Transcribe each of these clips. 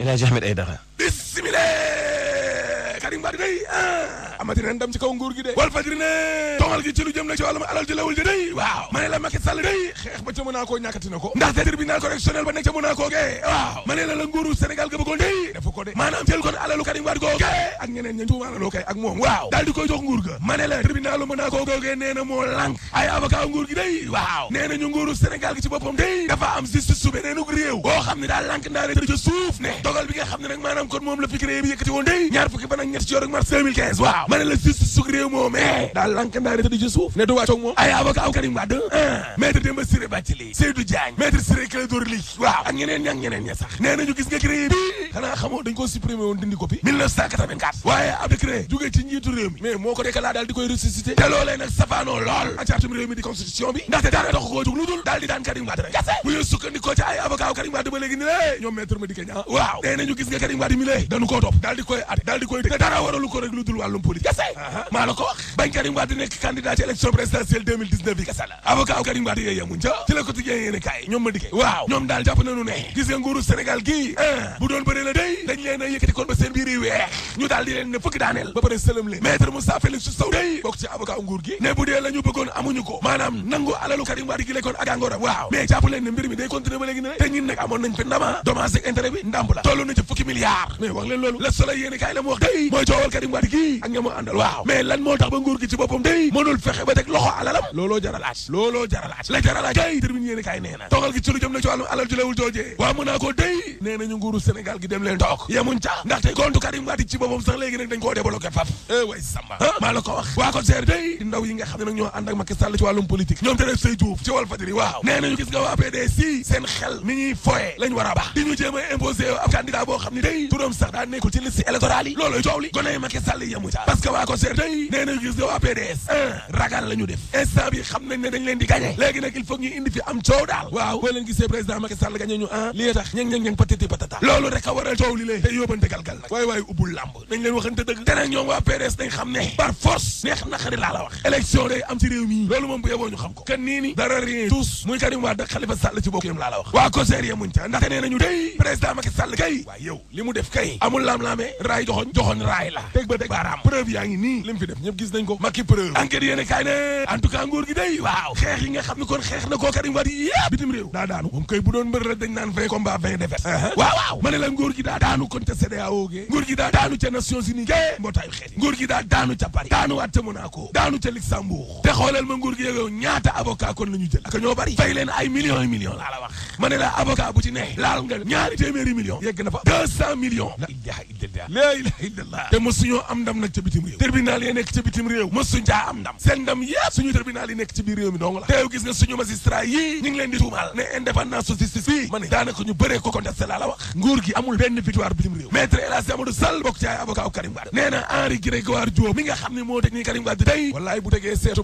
El Hadj Ahmed Aidara Karim Wade day ah amati na ndam ci kaw nguur gi de Walf Fadjri ne toogal gi ci lu jëm nag ci wàllum alal ji lawul ji day waaw ma ne la Macky Sall day xeex ba ca Monaco ñàkkati na ko ndaxte tribunal correctionnel ba nekk ca Monaco gee waaw ma ne la la nguuru Sénégal ga bëggoon day dafa ko de maanaam jël kon alalu Karim Wade googe ak ñeneen ña tuumaalaloo kay ak moom waaw daal di koy jox nguur ga ma ne la tribunalu Monaco googee nee na moo lànk ay avocat nguur gi day waaw nee na ñu nguuru Sénégal gi ci boppam day dafa am justice souveraine réew boo xam ne daal lànk ndaa ne tëdd ca suuf ne dogal bi nga xam ne nag maanaam kon moom la fikiré bi yëkkati woon day ñaar fukki fan ak ñett ci yoru mars 2015 ci njiitu réew mi moo ko dekka laa daal di koy ressuscité te di daan Karim Wade rek kese bu ñu gis nga Karim Wade mi lée dañu koo topp daal di koy at daal di koy dëg dara waralu ko rek lu dul wàllum politique kese maa la ko wax bañ Karim nekk candidat ci élection présidentielle 2019 bi kese la avocat Karim Wade yooyu yemuñ ca ci la ko tijjee yéen ñoom ma dikkee waaw ñoom daal jàpp nañu ne gis nga nguuru Sénégal gii ah. bu doon bëri la day leen a kon ba seen biir yi weex ñu daal di leen ne fëkk daaneel ba pare sëlëm leen bokk ci avocat nguur gi ne bu dee la ñu bëggoon amuñu ko maanaam mooy coowal Karim Wade kii ak ña ma àndal waaw mais lan moo tax ba nguur gi ci boppam day mënul fexe ba teg loxo alalam looloo jaralaat looloo jaralaat la jaralaat kay termine yéen kaay nee na toogal gi ci lu jëm na ci wàllum alal ju lewul joojee waa mën naa koo day nee nañu nguuru Sénégal gi dem leen toog yemuñ ca ndaxte compte Karim Wade ci boppam sax léegi nag dañ koo débloqué faf eh way samba ah, maa la ko wax waa ko seer day di ndaw yi nga xam ne nag ñoo ànd ak Macky Sall ci wàllum politique ñoom te def say Diouf ci Walf Fadjri waaw nee nañu gis nga waa PDS seen xel ni ñuy foye lañ war a baax di ñu jéem a imposé ab candidat boo xam ne day turam sax daa nekkul ci liste électorale yi looloy coow li bi gone yi Macky Sall ca parce ñu def président Macky Sall gagné kay waaye li mu def kay amul laam-laamee raay joxoñ joxoñ raay bàyyi la teg ba gi day waaw xeex yi nga xam ne kon xeex na koo uh-huh. la nguur gi bu ci ne laal nga ñaari téeméeri millions yegg na la te mësuñoo am ndam nag ca bitim réew tribunal yi nekk ca bitim réew mësuñ caa am ndam seen ndam yëpp suñu tribunal yi nekk ci biir réew mi dong la teew gis nga suñu magistrat yii ñu leen di tuumaal ne indépendance su justice bi ma ne daanaka ñu bëree ko contesté laa la wax nguur gi amul benn victoire bitim réew maître El Hadji Amadou Sall bokk ci ay Karim Wade nee na Henri Grégoire mi nga xam ne moo teg nii Karim Wade day wallaay bu tegee seetu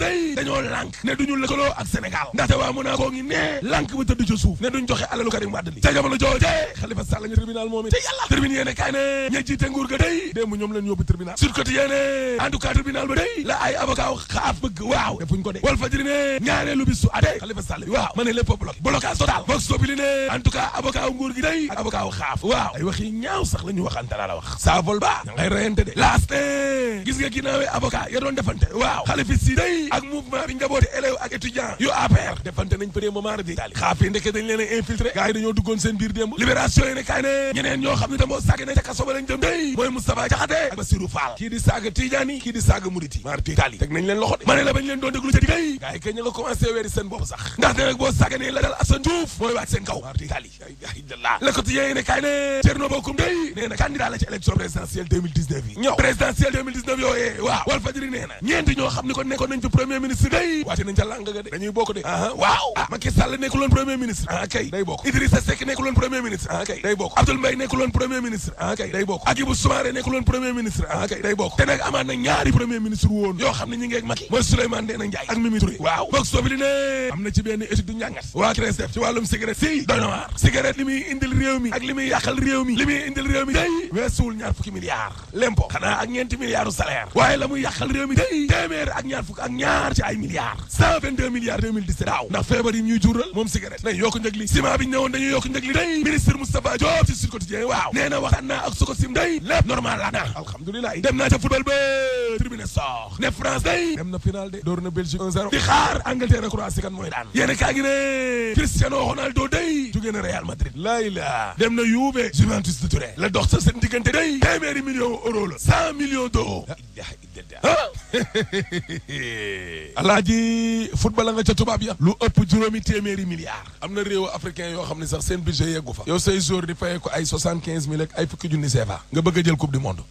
day dañoo lànk ne duñu lëkkaloo ak Sénégal ndaxte waa mun naa koo ngi ne lànk ba tëdd ci suuf ne duñ joxe alalu Karim Wade li ca jamono joojee Khalifa Sall te nguur ga day démb ñoom lañ yóbbu tribunal sur côté yéene en tout cas ba day la ay avocat xaaf bëgg waaw defuñ ko de Walf Fadjri ne ñaareelu bis ade Khalifa Sall waaw ma ne lépp bloqué total vox populi ne en tout nguur gi day ak xaaf waaw ay waxi ñaaw sax la ñu ak mouvement bi njabooti élèves ak étudiants yu APR defante nañ premier moment rek di ndeke dañ leen a infiltré dañoo duggoon seen biir démb libération yi ne kaay ñoo xam ne damoo sàgg ne ca kaso ba lañ jëm day mooy Moustapha Diakhaté ak Bassirou Fall kii di saaga Tidiane nañ leen loxo de ma ne la bañ leen doon déglu ca digay gars yi kañ nga commencé weeri présidentielle 2019 yi ñëw présidentielle 2019 waaw Walfadjri nee ñeenti ñoo premier ministre ga de dañuy bokk de aa waaw ah Macky Sall nekkul premier ministre ah kay day bokk Idrissa Seck nekkul woon premier ministre ah kay day bokk Abdoul Mbaye nekkul woon premier ministre ah kay day bokk Hadjibou Soumaré nekkul woon premier ministre ah kay day bokk te nag amaat na ñaari premier ministre woon yoo xam ne ñi ngi ak Macky mooy Souleymane Ndéné Ndiaye ak ne am na ci benn étude du na waar ak li muy yàqal réew mi ñaar ci ay milliards jural moom cigarette nañ yokk njëg li ciment bi ñu yokk njëg li day ministre Moustapha Diop ci Sud Quotidien waaw nee na waxtaan naa day lépp normal laa naa alhamdulilah dem ne soox ne France day dem na final de door na Belgique 1-0 di xaar Angleterre ak Croatie kan mooy daan yéen ne Cristiano Ronaldo day jugee na Real Madrid laay la dem na Juve Juventus de Turin la dox sa day téeméeri million euro la cent millions d'euros ah! alaaji football nga ca tubaab ya lu ëpp juróomi téeméeri milliards am na réew africain yoo xam ne sax seen budget yeggu fa yow say jour di fayee ko ay soixante quinze mille ay fukki junni CFA nga bëgg a jël coupe du monde